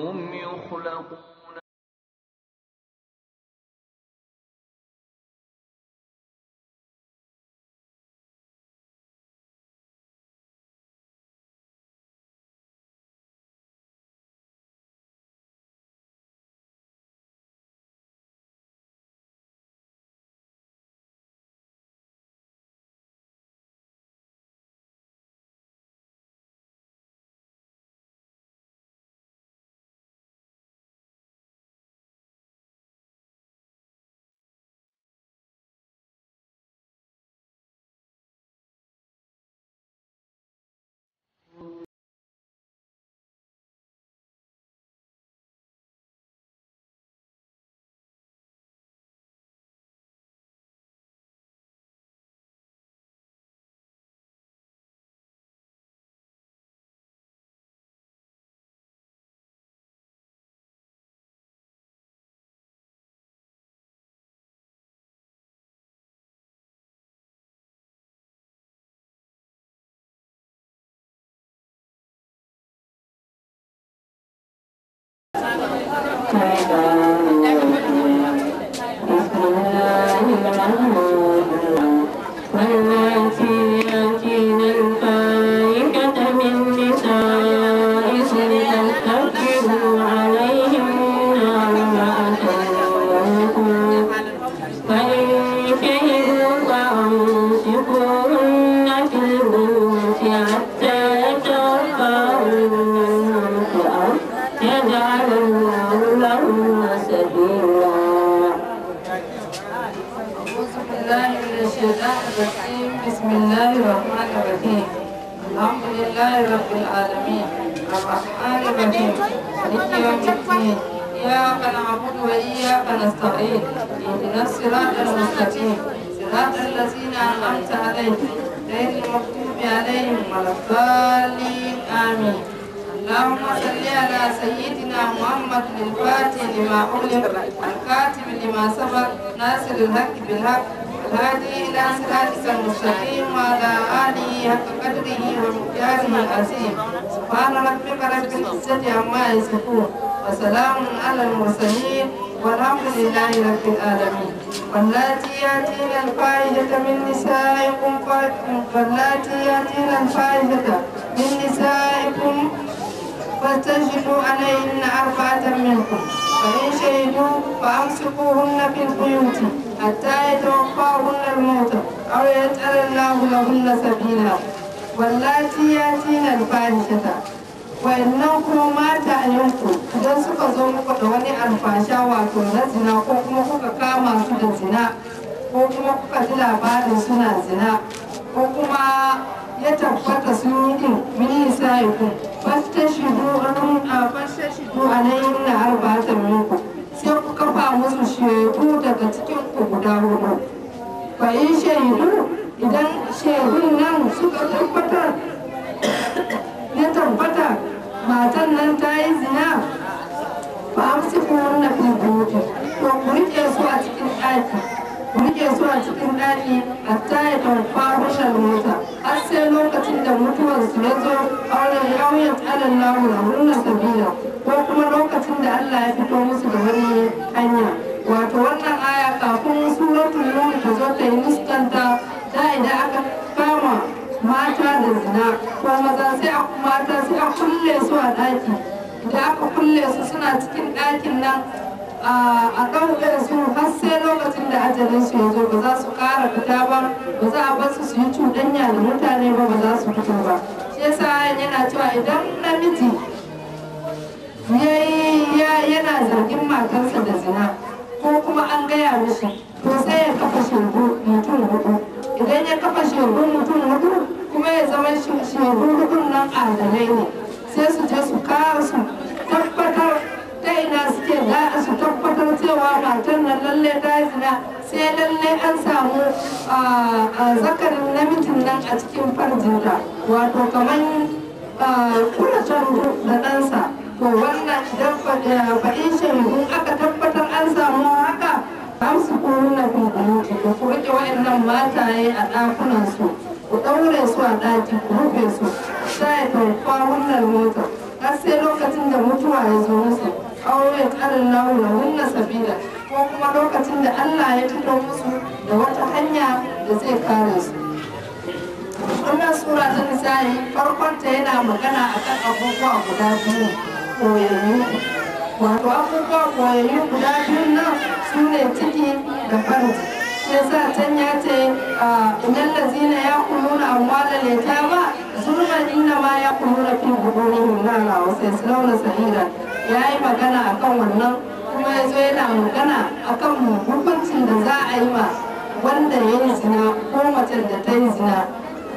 هُمْ يخلقون بالله من الشيطان الرجيم بسم الله الرحمن الرحيم الحمد لله رب العالمين الرحمن الرحيم مالك يوم الدين إياك نعبد وإياك نستعين اهدنا الصراط المستقيم صراط الذين أنعمت عليهم غير المغضوب عليهم ولا الضالين آمين اللهم صل على سيدنا محمد الفاتح لما علم الكاتب لما سبق ناصر الحق بالحق الهادي إلى صراطك المستقيم وعلى آله حق قدره ومقداره العظيم سبحان ربك رب العزة عما يصفون وسلام على المرسلين والحمد لله رب العالمين واللاتي ياتين الفاحشة من نسائكم واللاتي ياتين الفاحشة من نسائكم فاستشهدوا عليهن أربعة منكم فإن شهدوا فأمسكوهن في البيوت حتى يتوفاهن الموت أو يجعل الله لهن سبيلا واللاتي ياتين الفاحشة wayannan kuma mata a yanku idan suka zo muku da wani alfasha wato na zina ko kuma kuka kama su da zina ko kuma kuka ji labarin suna zina ko kuma ya tabbata sun yi din min nisa'ikum fastashidu anhum fastashidu alayhim arba'atan minkum sai ku kafa musu sheku daga guda hudu bayan shaidu idan shaidun nan suka tabbata ya tabbata matan nan ta yi zina ba a musu na fi gobe to ku rike su a cikin ɗaki ku rike su a cikin ɗaki a taya ya ɗauka rushen mota har sai lokacin da mutuwar su ya zo auren yawon tsarin namu na murna sabila ko kuma lokacin da allah ya fito musu da wani hanya wato wannan aka yi muskanta da idan aka kama mata da zina ko maza sai a mata sai a kulle su a ɗaki da aka kulle su suna cikin ɗakin nan a ɗaure su har sai lokacin da ajalin su ya zo ba za su ƙara fita ba ba za a bar su su yi cuɗanya da mutane ba ba za su fito ba shi yasa yana cewa idan namiji yana zargin matarsa da zina ko kuma an gaya mishi to sai ya kafa shi idan ya kafa shehun mutum hudu kuma ya zama shehun hudun nan adalai ne sai su je su kawo su tabbatar ta ina suke da su tabbatar cewa matan nan lalle ta zina sai lalle an samu a zakarin namijin nan a cikin farjinta wato kamar kura da ɗansa to wannan idan fa'in eh, shehun aka kan mataye a ɗakunansu ku ɗaure su a ɗaki ku rufe su sai ɗauka wannan mota har sai lokacin da mutuwa ya zo musu aure ƙarin launa hunna sabila ko kuma lokacin da Allah ya fito musu da wata hanya da zai kare su wannan sura ta nisa'i farkon ta yana magana akan abubuwa guda biyu koyayyu wato abubuwa koyayyu guda biyu nan su ne ciki da farin shi yasa can ya ce ah, innal ladzina yaquluna amwala al-yatama zulman inna ma yaquluna fi budurihim nara wa sayaslawna ya yi magana a kan wannan kuma yazo yana magana a akan hukuncin da za a yi ma wanda ya yi zina ko macen da ta yi zina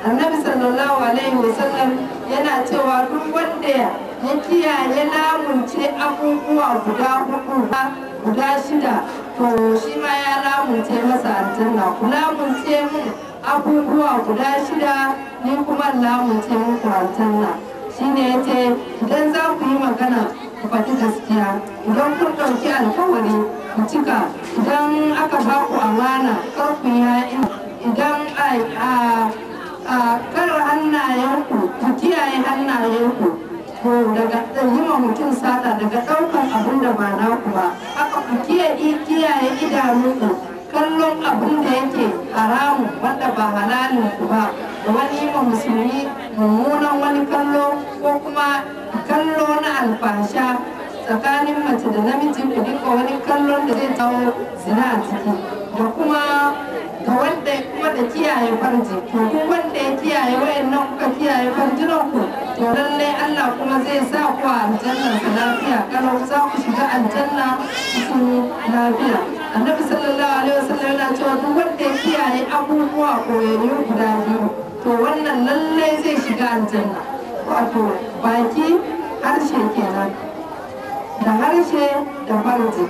annabi sallallahu alaihi wasallam yana cewa duk wanda ya kiyaye lamunce abubuwa guda hudu guda shida to shi ma ya lamunce masa aljanna ku lamunce mun abubuwa guda shida ni kuma lamunce muku aljanna shine yace idan za ku yi magana ku faɗi gaskiya idan kun ɗauki alkawari ku cika idan aka ba ku amana kar ku yi idan a kar hannayenku ku kiyaye hannayenku to daga yi ma mutum sata daga ɗaukar abin da ba naku ba ku kiyaye idanunku kallon abin da yake haramu wanda ba halalin ku ba da wani ma musulmi mummunan wani kallo ko kuma kallo na alfasha tsakanin mace da namiji ku dinga wani kallon da zai jawo zina a ciki da kuma da wanda kuma da kiyaye farji to duk wanda ya kiyaye wayannan kuka kiyaye farjinan ku to lallai Allah kuma zai sa ku a aljanna su lafiya kalau za ku shiga aljanna su lafiya annabi sallallahu alaihi wasallam yana cewa duk wanda ya kiyaye abubuwa koyayyu guda biyu to wannan lallai zai shiga aljanna wato baki harshe kenan da harshe da farji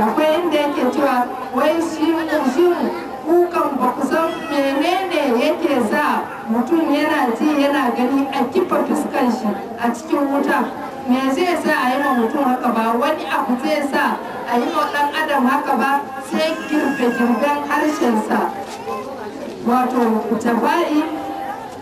akwai inda yake cewa wai shi kukan ba menene yake sa mutum yana ji yana gani a kifa fuskan shi a cikin wuta me zai sa a yi wa mutum haka ba wani abu zai sa a yi wa ɗan adam haka ba sai girbe-girben harshensa wato tafa'i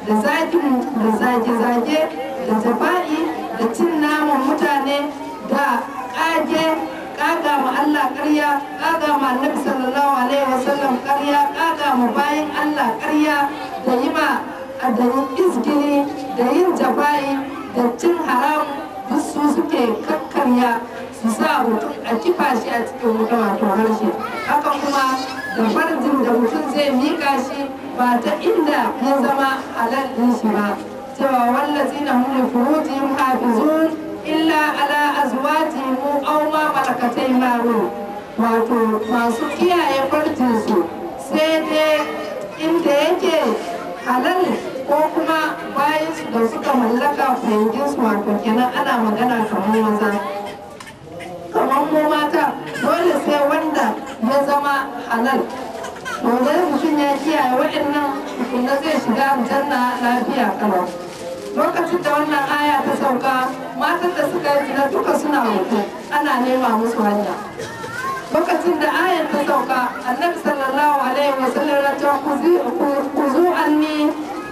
da zage-zage da tafa'i da cin naman mutane da ƙage kaga mu Allah ƙarya kaga mu annabi sallallahu alaihi wasallam ƙarya kaga mu bayan Allah ƙarya da yi ma da yin izgiri da yin jafa'i da cin haram duk su suke kakkarya su sa mutum a kifa shi a cikin wuta wato harshe haka kuma da farjin da mutum zai mika shi ba ta inda ya zama halal ɗin shi ba cewa na hum li furujihim hafizun illa ala azwajihim aw ma malakat aymanuhum wato masu kiyaye farjin sai dai inda yake halal ko kuma bayan su da suka mallaka fahimgin su wato kenan ana magana kamar maza kamar mu mata dole sai wanda ya zama halal to mutum ya kiyaye waɗannan tukunna zai shiga aljanna lafiya kalau lokacin da wannan aya ta sauka matan da suka yi zina duka suna hoto ana nema musu hanya lokacin da ayan ta sauka annabi sallallahu alaihi wa sallam ya ce ku zu anni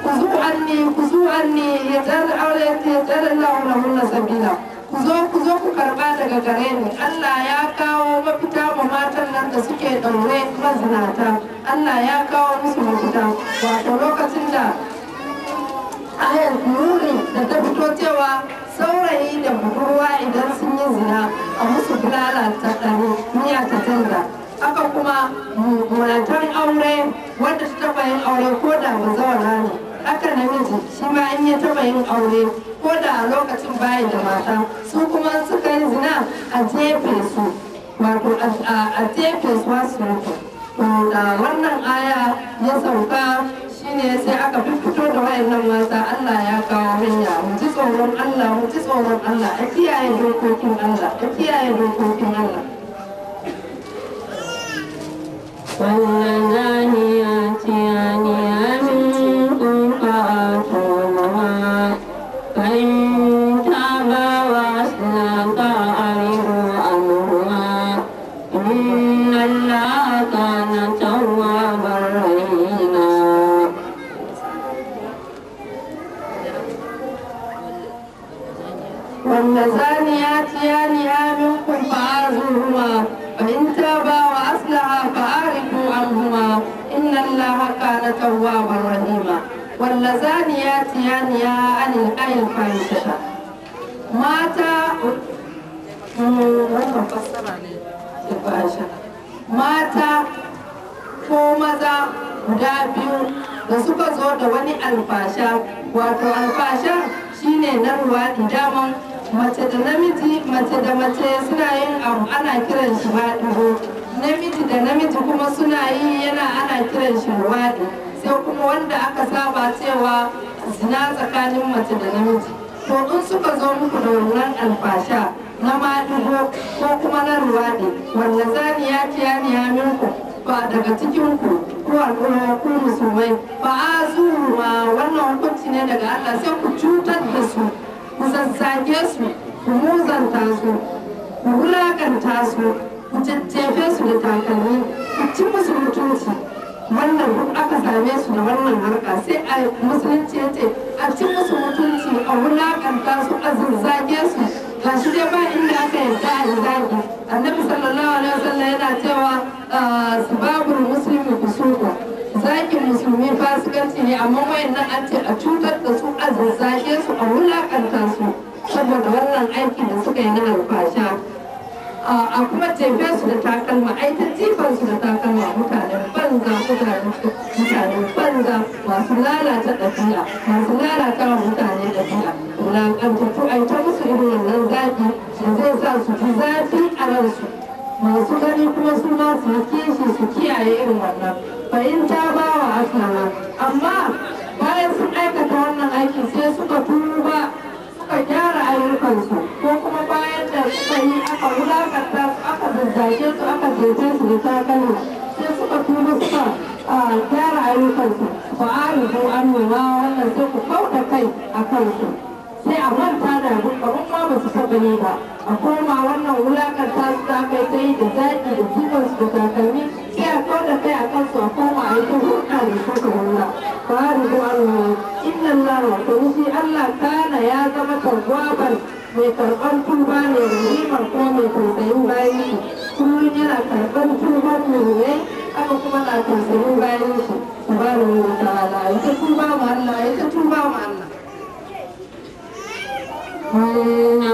ku zu anni ku zu anni ya tar aure ya tar Allah lahunna sabila ku zo ku zo ku karba daga gare ni Allah ya kawo mafita ma matan nan da suke daure mazinata Allah ya kawo musu mafita wato lokacin ayar nuni da ta fito cewa saurayi da budurwa idan sun yi zina a musu bulala ta ɗari miya ta canza haka kuma mulantar aure wanda ta taɓa yin aure ko da bazawara ne haka namiji shi ma in ya taɓa yin aure ko da a lokacin bayan da mata su kuma suka yi zina a jefe su wato a jefe su wasu da wannan aya ya sauka shine sai aka fito da wayannan mata tsoron Allah mu ci tsoron Allah a kiyaye dokokin Allah a kiyaye dokokin Allah والزانيات عانيا fahimta mata mata ko maza guda biyu da suka zo da wani alfasha wato alfasha shine na ruwaɗi daman mace da namiji mace da mace suna yin abu ana kiran shi baɗiro namiji da namiji kuma suna yi yana ana kiran shi ruwaɗi sai kuma wanda aka saba cewa zina tsakanin mace da namiji to in suka zo muku da wannan alfasha na maɗigo ko kuma na ruwaɗi wanda ya zaniya ya minku ba daga cikinku ko al'umma ku musulmai ba a zuwa wannan hukunci ne daga Allah sai ku cutar da su ku zazzage su ku muzanta su ku wulakanta su ku jajjefe su da takalmi ku ci musu mutunci wannan duk aka same su da wannan harka sai a musulunci ya ce a ci musu mutunci a wulakanta su a zirzage su shi dai ba inda aka yarda a na annabi sallallahu alaihi wasallam yana cewa ah, sibabul muslimi ku zakin musulmi fasikanci ne amma nan an ce a cutar da su a zirzage su a wulakanta su saboda wannan aiki da suka yi na alfasha a kuma jefe su da takalma ai ta jifan su da takalma mutanen banza mutanen mutanen banza masu lalata ɗabi'a masu lalata wa mutane ɗabi'a wulaƙantattu ai ta musu irin wannan zafi da zai sa su ji zafi a ransu masu gani kuma su ma su kishi su kiyaye irin wannan fahimta ba wa asawa amma tashe su aka zance su da takana sai suka kuma suka gyara ayyukansu ba a rubu an nuna wannan sai ku kauda kai a kansu sai a manta da abin ma ba su taɓa ne ba a koma wannan wulakar ta su ta kai ta yi da zaki da su da takalmi sai a kauda kai a kansu a koma a yi ta hulɗa da su ka wula ba a rubu an nuna inna lara to shi allah kana ya zama tarwabar mai karɓar tuba ne rahimar ko mai tausayin bayan kullum yana karɓar tuban muhimmai kuma na tausayin bayan shi subhanahu wa ta'ala ya ta tuba mu Allah ya ta tuba mu Allah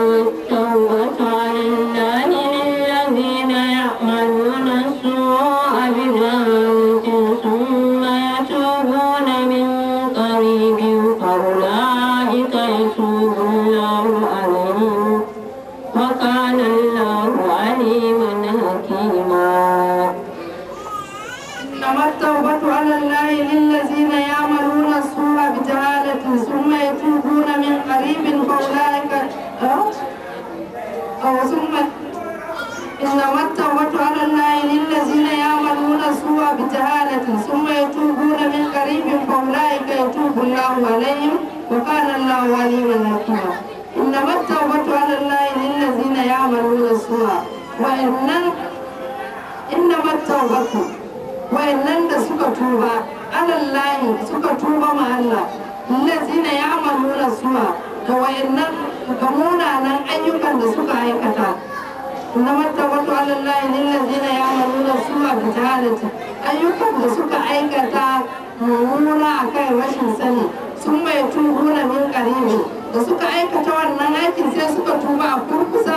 إنما التوبة على الله للذين يعملون السوء بجهالة ثم يتوبون من قريب فأولئك أو ثم إنما التوبة على الله للذين يعملون السوء بجهالة ثم يتوبون من قريب فأولئك يتوب الله عليهم وكان الله عليما حكيما إنما التوبة على الله للذين يعملون السوء وإن إنما التوبة wayannan da suka tuba alallahi suka tuba ma Allah lazina ya na suwa ga wayannan ga munanan ayyukan da suka aikata na matabatu alallahi zina ya na suwa da jahalata ayyukan da suka aikata mummuna a kan rashin sani sun mai na min karibi da suka aikata wannan aikin sai suka tuba a kurkusa